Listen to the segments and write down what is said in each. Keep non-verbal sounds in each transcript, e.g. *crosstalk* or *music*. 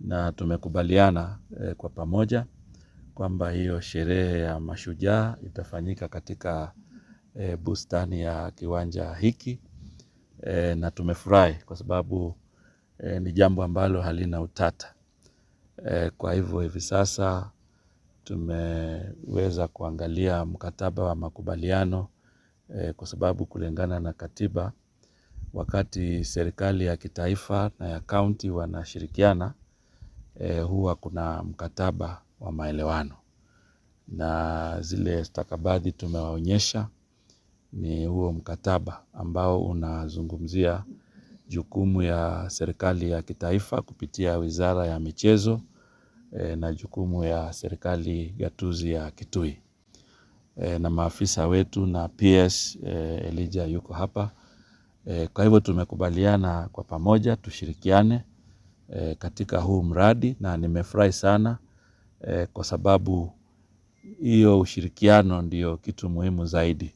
na tumekubaliana e, kwa pamoja kwamba hiyo sherehe ya mashujaa itafanyika katika e, bustani ya kiwanja hiki e, na tumefurahi kwa sababu e, ni jambo ambalo halina utata e, kwa hivyo hivi sasa tumeweza kuangalia mkataba wa makubaliano e, kwa sababu kulingana na katiba, wakati serikali ya kitaifa na ya kaunti wanashirikiana eh, huwa kuna mkataba wa maelewano na zile stakabadhi tumewaonyesha ni huo mkataba ambao unazungumzia jukumu ya serikali ya kitaifa kupitia Wizara ya Michezo e, na jukumu ya serikali gatuzi ya Kitui e, na maafisa wetu na PS e, eh, Elija yuko hapa e, kwa hivyo tumekubaliana kwa pamoja tushirikiane e, katika huu mradi na nimefurahi sana e, kwa sababu hiyo ushirikiano ndio kitu muhimu zaidi.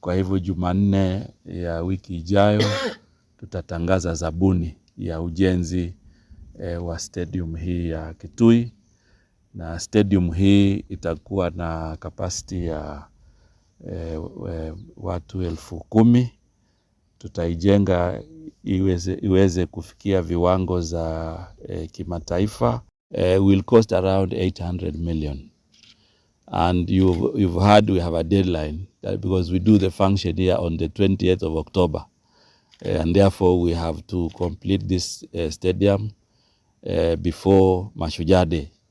Kwa hivyo Jumanne ya wiki ijayo *coughs* tutatangaza zabuni ya ujenzi e, wa stadium hii ya Kitui, na stadium hii itakuwa na kapasiti ya e, e, watu elfu kumi tutaijenga iweze, iweze kufikia viwango za eh, kimataifa eh, will cost around 800 million and you've, you've heard we have a deadline that because we do the function here on the 20 th of October eh, and therefore we have to complete this uh, stadium uh, before Mashujaa Day